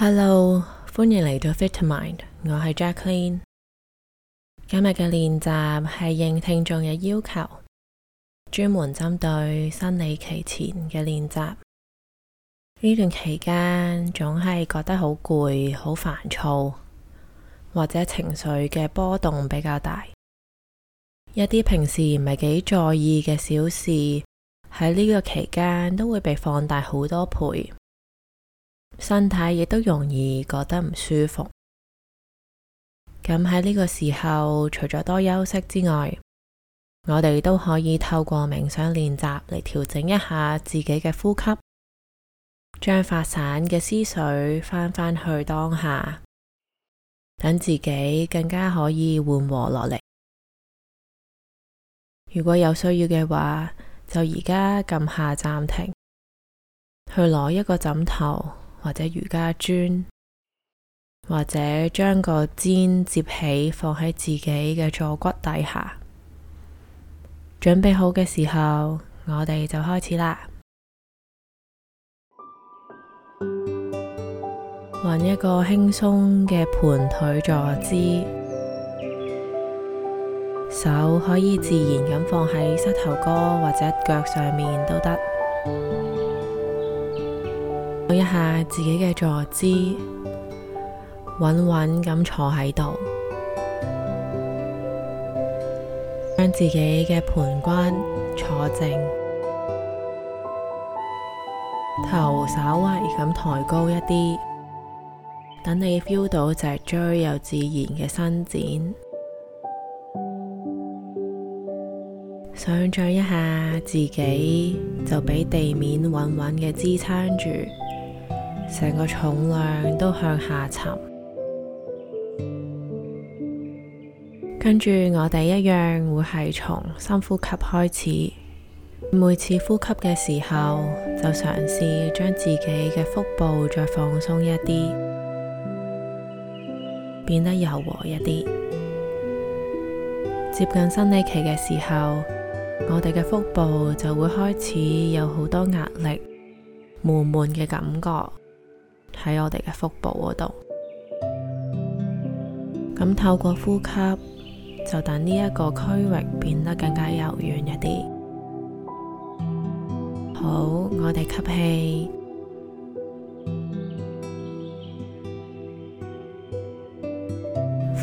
Hello，歡迎嚟到 Vitamind，我係 Jacqueline。今日嘅練習係應聽眾嘅要求，專門針對生理期前嘅練習。呢段期間總係覺得好攰、好煩躁，或者情緒嘅波動比較大。一啲平時唔係幾在意嘅小事，喺呢個期間都會被放大好多倍。身體亦都容易覺得唔舒服，咁喺呢個時候，除咗多休息之外，我哋都可以透過冥想練習嚟調整一下自己嘅呼吸，將發散嘅思緒翻返去當下，等自己更加可以緩和落嚟。如果有需要嘅話，就而家撳下暫停，去攞一個枕頭。或者瑜伽磚，或者將個氈接起放喺自己嘅坐骨底下。準備好嘅時候，我哋就開始啦。揾一個輕鬆嘅盤腿坐姿，手可以自然咁放喺膝頭哥或者腳上面都得。揾一下自己嘅坐姿，穩穩咁坐喺度，將自己嘅盤關坐正，頭稍微咁抬高一啲，等你 feel 到脊椎有自然嘅伸展。想象一下自己就俾地面穩穩嘅支撐住。成個重量都向下沉，跟住我哋一樣會係從深呼吸開始。每次呼吸嘅時候，就嘗試將自己嘅腹部再放鬆一啲，變得柔和一啲。接近生理期嘅時候，我哋嘅腹部就會開始有好多壓力，悶悶嘅感覺。喺我哋嘅腹部嗰度，噉透過呼吸，就等呢一個區域變得更加柔軟一啲。好，我哋吸氣，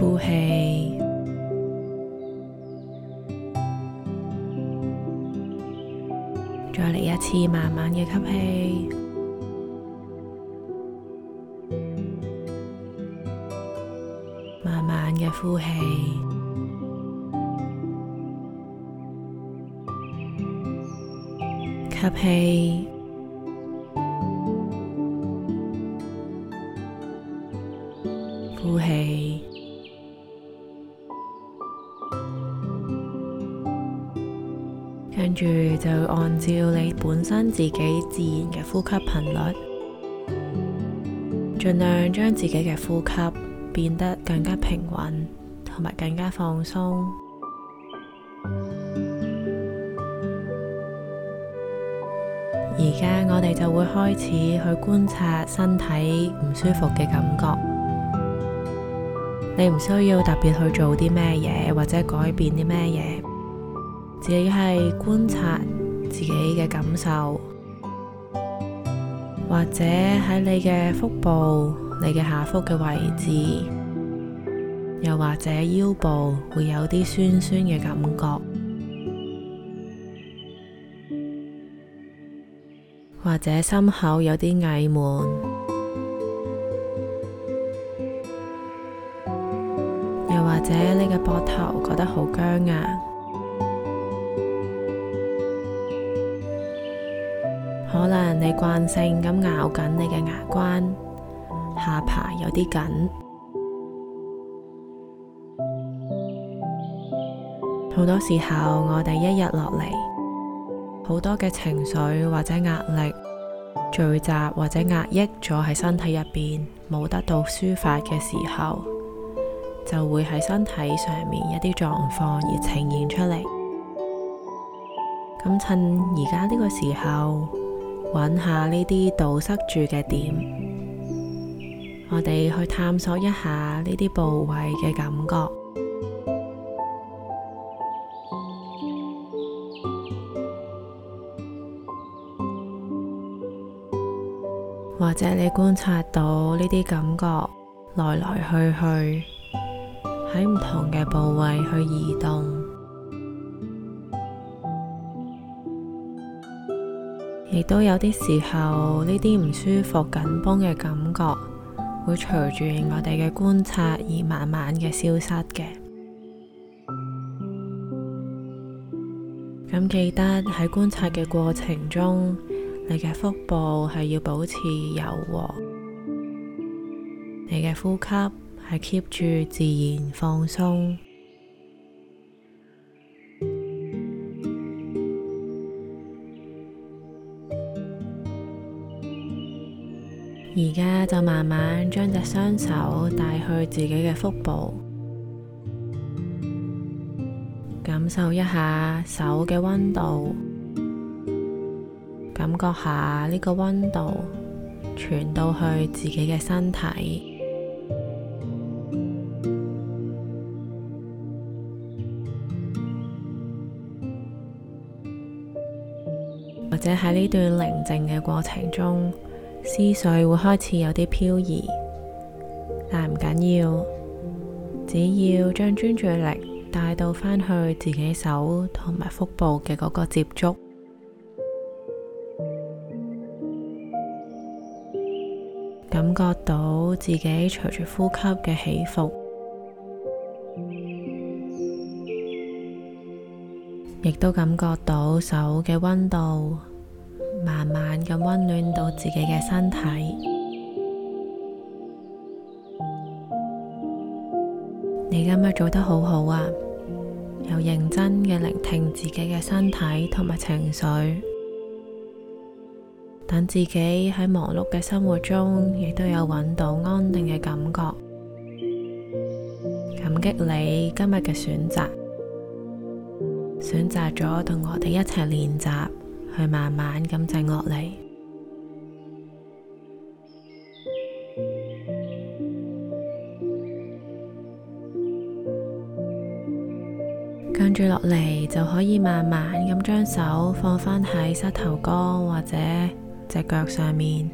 呼氣，再嚟一次，慢慢嘅吸氣。呼氣、吸氣、呼氣，跟住就按照你本身自己自然嘅呼吸頻率，盡量將自己嘅呼吸，變得更加平穩，同埋更加放鬆。而家我哋就會開始去觀察身體唔舒服嘅感覺。你唔需要特別去做啲咩嘢，或者改變啲咩嘢，只係觀察自己嘅感受，或者喺你嘅腹部，你嘅下腹嘅位置，又或者腰部會有啲酸酸嘅感覺，或者心口有啲翳悶，又或者你嘅膊頭覺得好僵硬，可能你慣性咁咬緊你嘅牙關。下巴有啲緊，好多時候我哋一日落嚟，好多嘅情緒或者壓力聚集或者壓抑咗喺身體入邊，冇得到抒發嘅時候，就會喺身體上面一啲狀況而呈現出嚟。咁趁而家呢個時候，揾下呢啲堵塞住嘅點。我哋去探索一下呢啲部位嘅感覺，或者你觀察到呢啲感覺來來去去喺唔同嘅部位去移動，亦都有啲時候呢啲唔舒服緊繃嘅感覺。會隨住我哋嘅觀察而慢慢嘅消失嘅。咁記得喺觀察嘅過程中，你嘅腹部係要保持柔和，你嘅呼吸係 keep 住自然放鬆。而家就慢慢將隻雙手帶去自己嘅腹部，感受一下手嘅溫度，感覺下呢個溫度傳到去自己嘅身體，或者喺呢段寧靜嘅過程中，思緒會開始有啲飄移，但唔緊要，只要將專注力帶到返去自己手同埋腹部嘅嗰個接觸，感覺到自己隨住呼吸嘅起伏，亦都感覺到手嘅溫度。慢慢咁溫暖到自己嘅身體，你今日做得好好啊！又認真嘅聆聽自己嘅身體同埋情緒，等自己喺忙碌嘅生活中亦都有揾到安定嘅感覺。感激你今日嘅選擇，選擇咗同我哋一齊練習。慢慢咁靜落嚟，跟住落嚟就可以慢慢咁將手放返喺膝頭哥或者隻腳上面，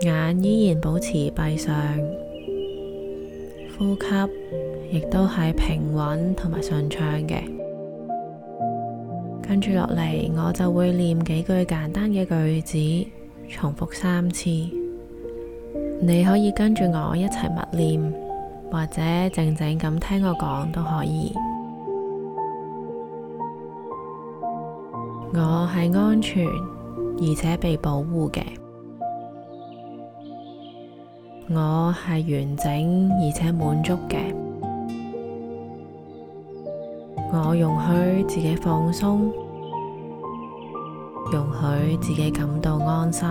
眼依然保持閉上，呼吸亦都係平穩同埋順暢嘅。跟住落嚟，我就會念幾句簡單嘅句子，重複三次。你可以跟住我一齊默念，或者靜靜咁聽我講都可以。我係安全而且被保護嘅，我係完整而且滿足嘅，我容許自己放鬆。容許自己感到安心，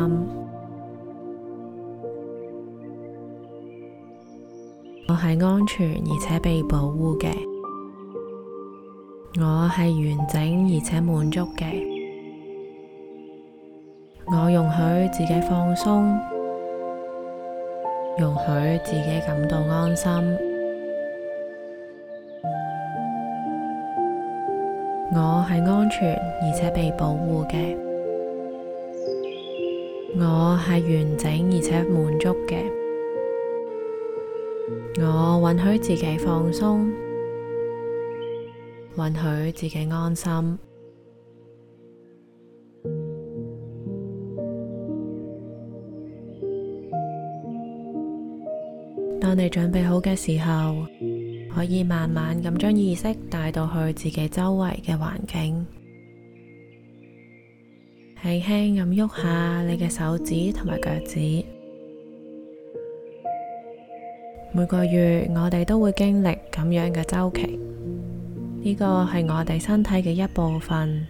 我係安全而且被保護嘅，我係完整而且滿足嘅，我容許自己放鬆，容許自己感到安心，我係安全而且被保護嘅。我係完整而且滿足嘅，我允許自己放鬆，允許自己安心。當你準備好嘅時候，可以慢慢咁將意識帶到去自己周圍嘅環境。輕輕咁喐下你嘅手指同埋腳趾。每個月我哋都會經歷咁樣嘅周期，呢個係我哋身體嘅一部分，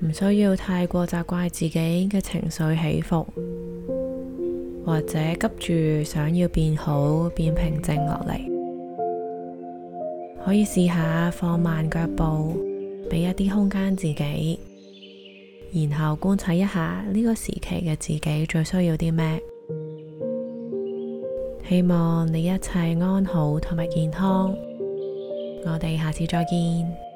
唔需要太過責怪自己嘅情緒起伏，或者急住想要變好、變平靜落嚟。可以試下放慢腳步，俾一啲空間自己。然後觀察一下呢個時期嘅自己最需要啲咩？希望你一切安好同埋健康。我哋下次再見。